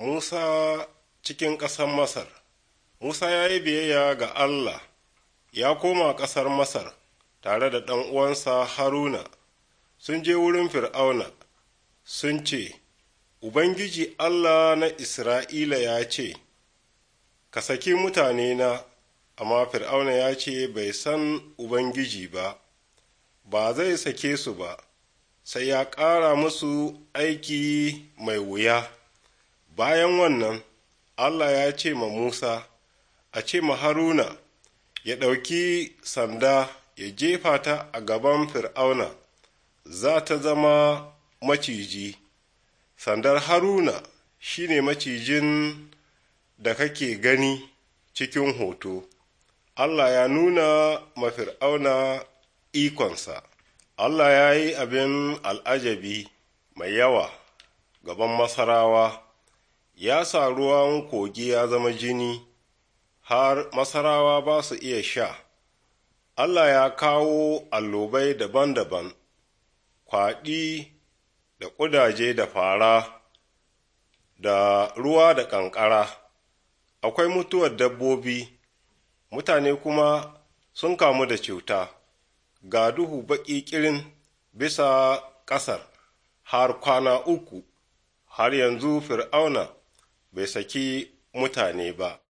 Musa cikin ƙasar Masar Musa ya yi biyayya ga Allah ya koma ƙasar Masar tare da ɗan uwansa Haruna sun je wurin Fir'auna sun ce, Ubangiji Allah na Isra'ila ya ce, Ka saki mutane na amma Fir'auna ya ce bai san Ubangiji ba, ba zai sake su ba, sai ya ƙara musu aiki mai wuya. Bayan wannan, Allah ya ce ma Musa, a ce ma Haruna, ya ɗauki sanda ya jefa ta a gaban Fir'auna, za ta zama maciji. Sandar Haruna shi ne macijin da kake gani cikin hoto. Allah ya nuna ma Fir'auna ikonsa. Allah ya yi abin al'ajabi mai yawa gaban Masarawa. ya sa ruwan kogi ya zama jini, har masarawa ba su iya sha. Allah ya kawo allobai daban-daban, kwaɗi da ƙudaje da fara, da ruwa da ƙanƙara, akwai mutuwar dabbobi, mutane kuma sun kamu da cuta, ga duhu baƙi ƙirin bisa ƙasar, har kwana uku, har yanzu fir'auna bai saki mutane ba